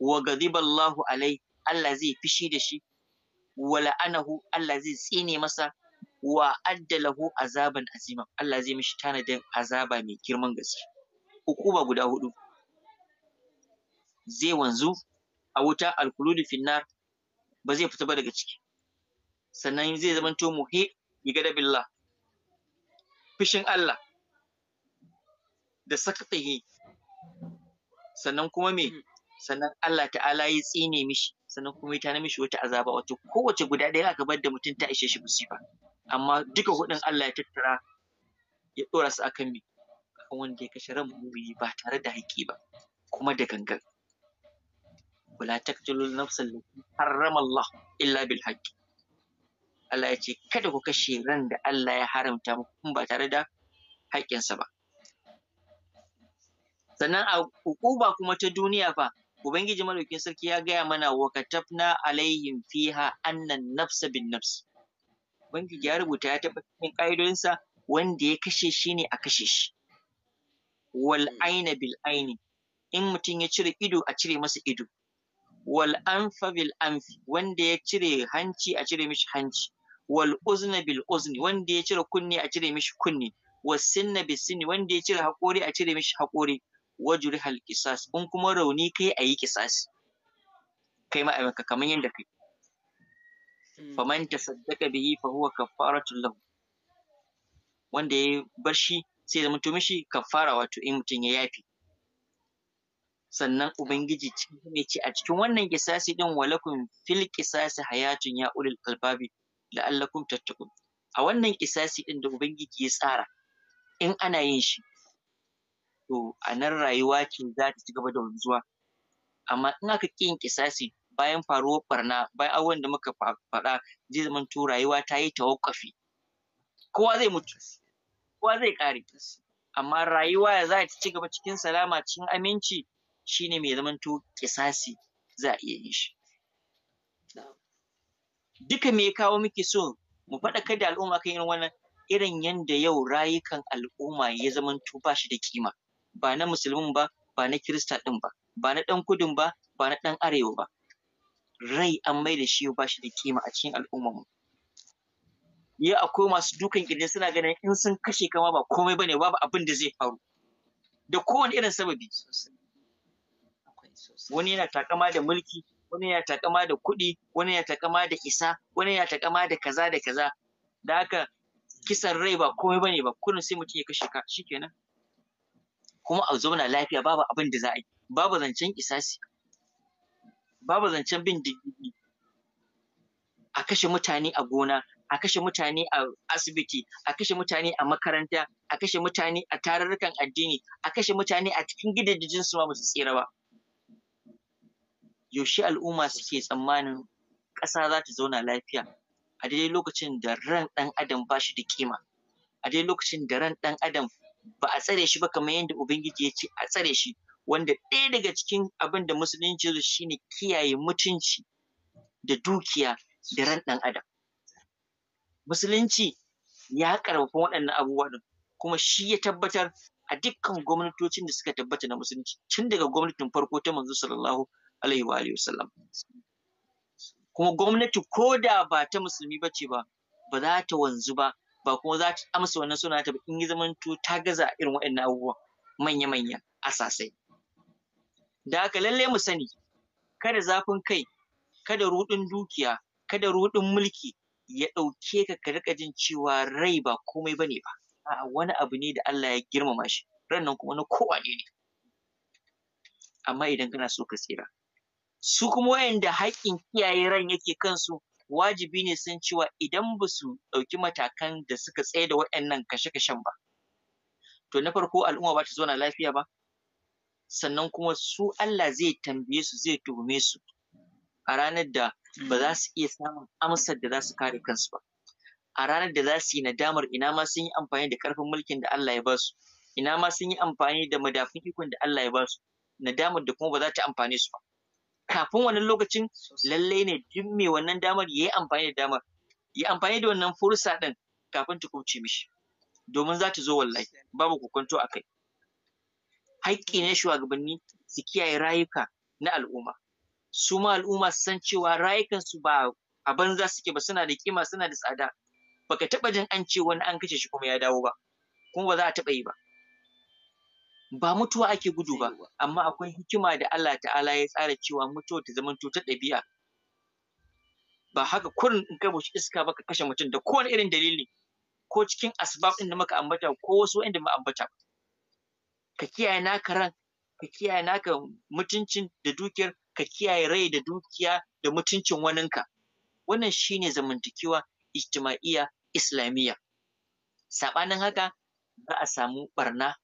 wa ghadiballahu alai Allah zai fishi da shi wa la'anahu Allah zai tsine masa wa addalahu azaban azima Allah zai mishi tanadin azaba mai girman gaske hukuma guda hudu zai wanzu a wuta alkuludi finnar ba zai fita ba daga ciki sannan zai zama zamanto muhi bi fishin Allah da sakatihi sannan kuma me mm. sannan Allah ta'ala ya tsine mishi sannan kuma ya tana mishi wata azaba wato kowace guda ɗaya aka bar da mutum ta ishe shi musifa amma duka hudun Allah ya tattara ya dora su akan me akan wanda ya kashe ran mumini ba tare da haƙƙi ba kuma da gangan wala taqtulul nafsal lati harrama Allah illa bil haqqi Allah ya ce kada ku kashe ran da Allah ya haramta muku ba tare da haƙƙinsa ba sannan a hukuma kuma ta duniya fa ubangiji madaukin sarki ya gaya mana wa katabna alaihim fiha annan nafsa bin nafs ubangiji ya rubuta ya taɓa cikin ƙa'idodinsa wanda ya kashe shi ne a kashe shi wal aina bil aini in mutum ya cire ido a cire masa ido wal anfa bil anfi wanda ya cire hanci a cire mishi hanci wal uzna bil uzni wanda ya cire kunne a cire mishi kunne was sinna bis wanda ya cire haƙori a cire mishi haƙori wajuri hal kisas in kuma rauni kai a yi kisasi kai ma'aimaka kamar yadda kai hmm. faman saddaka bihi fa huwa kaffaratun lahu wanda ya bar shi sai zama to mishi kafara wato in mutum ya yafi sannan ubangiji ne ce a cikin wannan kisasi din walakum fil kisasi hayatun ya ulil albabi la'allakum tattaqun a wannan kisasi din da ubangiji ya tsara in ana yin shi to a nan rayuwa ce za ta ci gaba da wanzuwa amma in aka ƙi yin ƙisasi bayan faruwar ɓarna bayan abubuwan da muka faɗa zai zama to rayuwa ta yi tawakkafi kowa zai mutu kowa zai ƙare amma rayuwa ya za ta ci gaba cikin salama cikin aminci shine mai zaman to za a iya yin shi duka me ya kawo muke so mu faɗa kada al'umma kan irin wannan irin yanda yau rayukan al'umma ya zamanto ba shi da kima ba na musulmin ba ba na kirista ɗin ba ba na ɗan kudin ba ba na ɗan arewa ba rai an mai da shi ba shi da kima a cikin mu. ya akwai masu dukan gidan suna ganin in sun kashe kama ba komai bane babu abin da zai faru da kowane irin sababi wani yana takama da mulki wani yana takama da kuɗi wani yana takama da isa wani yana takama da kaza da kaza da haka kisan rai ba komai bane ba kullum sai mutum ya kashe ka shikenan kuma a zauna lafiya babu abin da za a yi babu zancen kisasi babu zancen bin diddigi a kashe mutane a gona a kashe mutane a asibiti a kashe mutane a makaranta a kashe mutane a tarurrukan addini a kashe mutane a cikin gidajen su ma ba su tsira ba yaushe al'umma suke tsammanin ƙasa za ta zauna lafiya a daidai lokacin da ran ɗan adam ba shi da kima a daidai lokacin da ran ɗan adam ba a tsare shi ba kamar yadda ubangiji ya ce a tsare shi wanda ɗaya daga cikin abin da musulunci shi shine kiyaye mutunci da dukiya da ran ɗan adam musulunci ya ƙarfafa waɗannan abubuwa ɗin kuma shi ya tabbatar a dukkan gwamnatocin da suka tabbata na musulunci tun daga gwamnatin farko ta manzo sallallahu alaihi wa alihi wasallam kuma gwamnati ko da ba ta musulmi bace ba ba za ta wanzu ba ba kuma za ta amsa wannan suna ta in yi zamanto ta gaza irin waɗannan abubuwan manya-manya asasai da haka lallai mu sani kada zafin kai kada ruɗin dukiya kada ruɗin mulki ya ɗauke ka ka riƙa jin cewa rai ba komai ba ne ba a'a wani abu ne da Allah ya girmama shi ran nan kuma na kowane ne amma idan kana so ka tsira su kuma wayanda haƙƙin kiyaye ran yake kansu wajibi ne sun cewa idan ba su ɗauki matakan da suka tsaye da waɗannan kashe-kashen ba to na farko al'umma ba ta zauna lafiya ba sannan kuma su Allah zai tambaye su zai tuhume su a ranar da ba za su iya samun amsar da za su kare kansu ba a ranar da za su yi nadamar ina ma sun yi amfani da ƙarfin mulkin da Allah ya ba su ina ma sun yi amfani da madafin ikon da Allah ya ba su nadamar da kuma ba za ta amfane su ba kafin wannan lokacin lalle ne duk mai wannan damar ya yi amfani da damar ya amfani da wannan fursa ɗin kafin ta kubce mishi domin za ta zo wallahi babu kokonto a kai haƙƙi ne shugabanni su kiyaye rayuka na al'umma su ma al'umma su san cewa rayukansu ba a banza suke ba suna da kima suna da tsada baka taɓa jin an ce wani an kashe shi kuma ya dawo ba kuma ba za a taɓa yi ba ba mutuwa ake gudu ba amma akwai hikima da Allah ta'ala ya tsara cewa mutuwa ta zamanto ta ɗabi'a ba haka kurin in ka bushi iska ba ka kashe mutum da kowane irin dalili ko cikin asbab ɗin da muka ambata ko wasu inda muka ambata ka kiyaye naka ran ka kiyaye naka mutuncin da dukiyar ka kiyaye rai da dukiya da mutuncin waninka wannan shine zamantakewa ijtima'iyya islamiyya saɓanin haka za a samu barna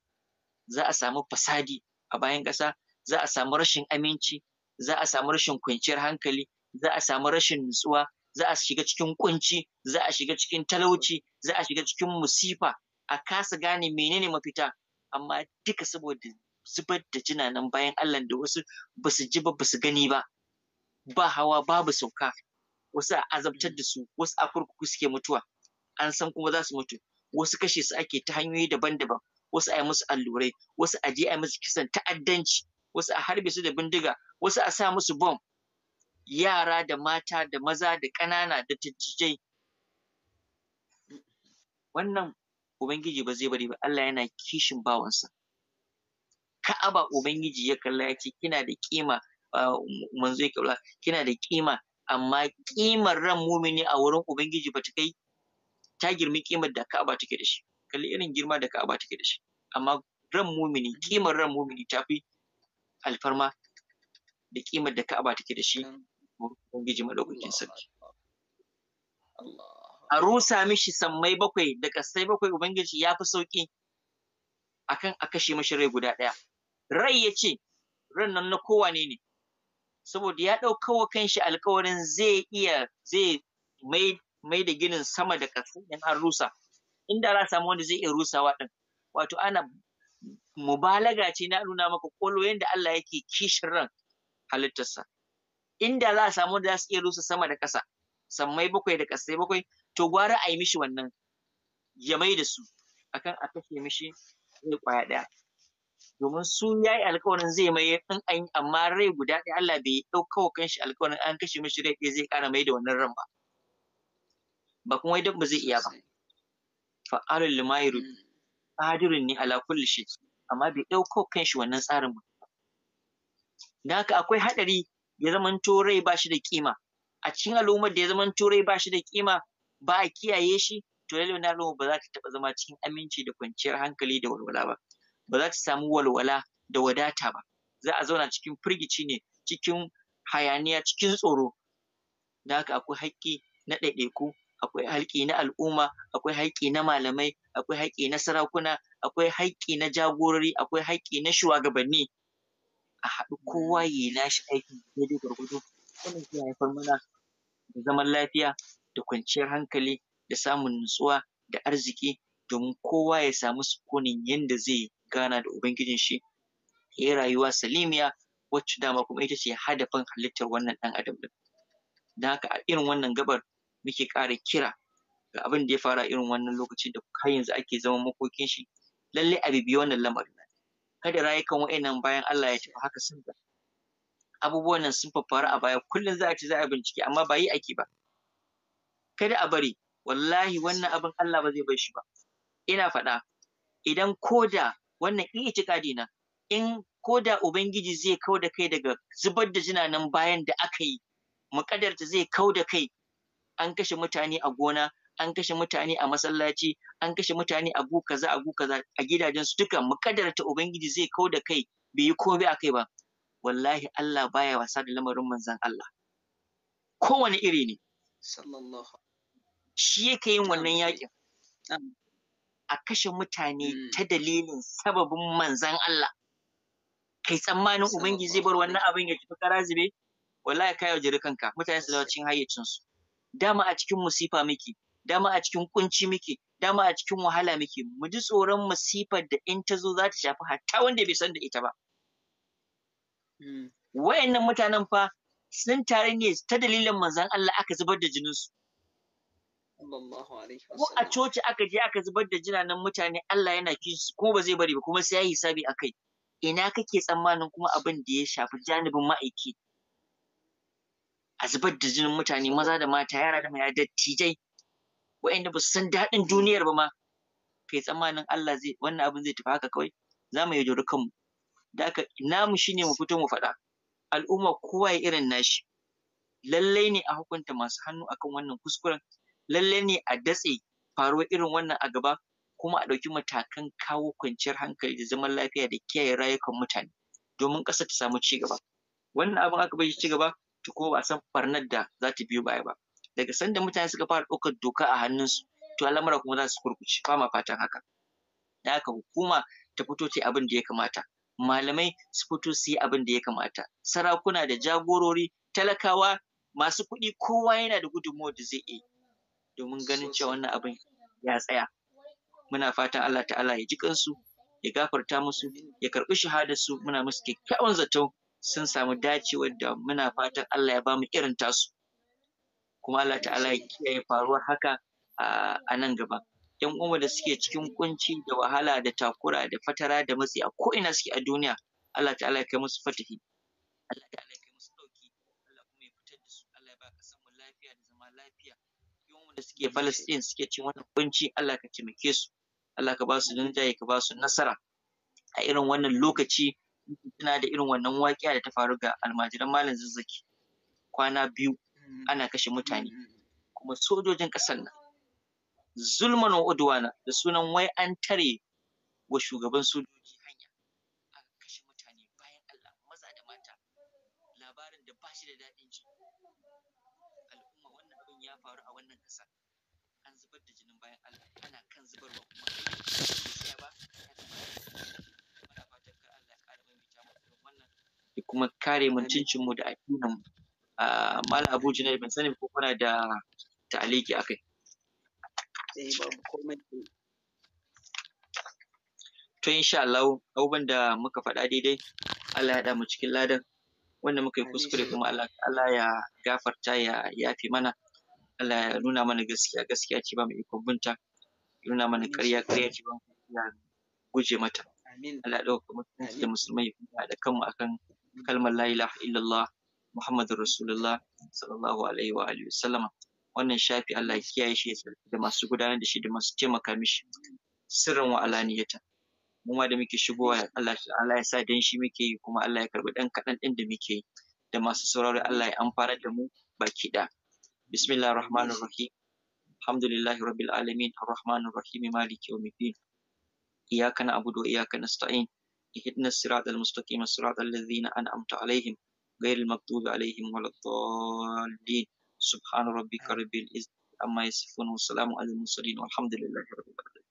za a samu fasadi a bayan ƙasa za a samu rashin aminci za a samu rashin kwanciyar hankali za a samu rashin nutsuwa za a shiga cikin kunci za a shiga cikin talauci za a shiga cikin musifa a kasa gane menene mafita amma duka saboda zubar da jinanan bayan Allah da wasu ba su ji ba ba su gani ba ba hawa babu sauka wasu a azabtar da su wasu a kurkuku suke mutuwa an san kuma za su mutu wasu kashe su ake ta hanyoyi daban-daban wasu a yi musu allurai wasu a je a yi musu kisan ta'addanci wasu a harbe su da bindiga wasu a sa musu bom yara da mata da maza da ƙanana da tattijai wannan ubangiji ba zai bari ba Allah yana kishin bawansa ka'aba ubangiji ya kalla ya ce kina da kima manzo ya kalla kina da kima amma kimar ran mumini a wurin ubangiji ba ta kai ta girmi kimar da ka'aba take da shi kalli irin girma da Ka'aba take da shi amma ran mumini mm. kimar ran mumini ta fi alfarma da kimar da Ka'aba take da shi mm. ubangiji madaukakin sarki a rusa mishi sammai bakwai da ƙasai bakwai ubangiji ya fi sauƙi akan a kashe mashi rai guda ɗaya rai ya ce ran nan na kowane ne saboda ya ɗaukawa wa kanshi alkawarin zai iya zai mai mai da ginin sama da ƙasa in an rusa inda za a samu wanda zai iya rusawa din wato ana mubalaga ce na nuna maka kwallo da Allah yake kishin ran halittarsa inda za a samu wanda za su iya rusa sama da ƙasa sammai bakwai da ƙasai bakwai to gwara a yi mishi wannan ya mai da su akan a kashe mishi zai kwaya ɗaya domin su ya yi alkawarin zai mai in an yi amma rai guda ɗaya Allah bai ɗauka wa kanshi alkawarin an kashe mishi rai ɗaya zai ƙara mai da wannan ran ba ba kuma wai ba zai iya ba fa'alul limayru mm. qadirun ne ala kulli shay amma bai kan kanshi wannan tsarin ba dan haka akwai haɗari ya zamanto rai ba shi da kima a cikin al'ummar da ya zamanto rai ba shi da kima ba a kiyaye shi to lalle wannan al'umma ba za ta taba zama cikin aminci da kwanciyar hankali da walwala ba ba za ta samu walwala da wadata ba za a zauna cikin firgici ne cikin hayaniya cikin tsoro da haka akwai haƙƙi na ɗaiɗaiku akwai haƙƙi na al'umma akwai haƙƙi na malamai akwai haƙƙi na sarakuna akwai haƙƙi na jagorori akwai haƙƙi na shuwagabanni. a haɗu kowa ya yi nashi aikin daidai gwargwado wannan zai haifar mana da zaman lafiya da kwanciyar hankali da samun nutsuwa da arziki domin kowa ya samu sukunin yanda zai gana da ubangijin shi ya rayuwa salimiya wacce dama kuma ita ce hadafin halittar wannan ɗan adam ɗin don haka a irin wannan gabar muke ƙara kira ga abin da ya fara irin wannan lokacin da har yanzu ake zaman makokin shi lallai a bibiyi wannan lamarin kada rayukan wa'annan bayan Allah ya tafi haka sun abubuwan nan sun faffara a baya kullum za a ci za a bincike amma ba yi ake ba kada a bari wallahi wannan abin Allah ba zai bar shi ba ina faɗa idan koda wannan in itikadi na in koda ubangiji zai kau da kai daga zubar da jinanan bayan da aka yi muƙadarta zai kau da kai an kashe mutane a gona an kashe mutane a masallaci an kashe mutane a gu kaza a gu kaza a gidajen su duka muƙaddarta ubangiji zai kau da kai bai yi komai a kai ba wallahi Allah baya wasa da lamarin manzon Allah kowane iri ne shi yake yin wannan yakin a kashe mutane hmm. ta dalilin sababin manzan Allah kai tsammanin ubangiji zai bar wannan abin ya tafi kara zube wallahi ka jira kanka mutane su zama cikin hayyacin su dama a cikin musifa muke, dama a cikin kunci muke, dama a cikin wahala muke, mu ji tsoron musifar da in ta zo za ta shafi hatta wanda bai san da ita ba hmm. wayannan mutanen fa sun tare ne ta dalilin manzan Allah aka zubar da jininsu ko a coci aka je aka zubar da jinanan mutane Allah yana su, ko ba zai bari ba kuma sai ya hisabi kai. ina kake tsammanin kuma abin da ya shafi janibin ma'aiki a zubar da jinin mutane maza da mata yara da maya dattijai waɗanda ba su san daɗin duniyar ba ma kai tsammanin Allah zai wannan abin zai tafi haka kawai za mu yaudari kanmu da aka namu shine mu fito mu faɗa al'umma kowa ya irin nashi lallai ne a hukunta masu hannu akan wannan kuskuren lallai ne a datse faruwar irin wannan a gaba kuma a ɗauki matakan kawo kwanciyar hankali da zaman lafiya da kiyaye rayukan mutane domin ƙasa ta samu ci gaba wannan abin aka bai ci gaba to ko ba a san barnar da za ta biyo baya ba daga sanda mutane suka fara ɗaukar doka a hannunsu to al'amura kuma za su kurkuce ba ma fatan haka da haka hukuma ta fito ta yi abin da ya kamata malamai su fito su yi abin da ya kamata sarakuna da jagorori talakawa masu kuɗi kowa yana da gudunmawar da zai iya domin ganin cewa wannan abin ya tsaya muna fatan Allah ta'ala ya ji kansu ya gafarta musu ya karɓi su, muna musu kyakkyawan zato sun samu dacewa da muna fatan Allah ya bamu irin tasu kuma Allah ta'ala ya kiyaye faruwar haka a nan gaba yan uwa da suke cikin kunci da wahala da takura da fatara da matsi a ko'ina suke a duniya Allah ta'ala ya kai musu fatahi Allah ta'ala ya kai musu dauki Allah kuma ya fitar da su Allah ya ba ka lafiya da zama lafiya yan da suke Palestine suke cikin wannan kunci Allah ka taimake su Allah ka ba su linjaye ka ba su nasara a irin wannan lokaci tana da irin wannan waƙiya da ta faru ga almajiran malam zazzaki kwana biyu mm. ana kashe mutane mm, mm, kuma sojojin ƙasar nan zulman udwana da sunan wai an tare wa shugaban sojoji hanya aka kashe mutane bayan Allah maza da mata labarin da ba shi da daɗin ji al'umma wannan abin ya faru a wannan ƙasa an zubar da jinin bayan Allah ana kan zubarwa kuma da kuma kare mutuncin mu da addinin mu ah, Malam Abu Junaid ban sani ko kuna da ta'aliki akai eh babu komai to insha Allah abubuwan da muka faɗa daidai Allah ya haɗa mu cikin ladan wanda muka yi kuskure kuma Allah ya gafarta ya yafe mana Allah ya nuna mana gaskiya gaskiya ce ba mu ikon binta ya nuna mana ƙarya ƙarya ce ba mu guje mata Allah ya ɗauka mutunci da musulmai ya haɗa kanmu akan kalmar la ilaha illallah muhammadur rasulullah sallallahu alaihi wa alihi wasallam wannan shafi Allah ya kiyaye shi da masu gudanar da shi da masu taimaka mishi sirrin wa alaniyata mu ma da muke shigowa Allah Allah ya sa dan shi muke yi kuma Allah ya karbi dan kadan din da muke yi da masu sauraro Allah ya amfana da mu baki da bismillahir rahmanir rahim alhamdulillahi rabbil alamin arrahmanir rahim maliki yawmiddin iyyaka na'budu wa iyyaka nasta'in اهدنا الصراط المستقيم الصراط الذين أنعمت عليهم غير المغضوب عليهم ولا الضالين سبحان ربك رب العزة عما يصفون وسلام على المرسلين والحمد لله رب العالمين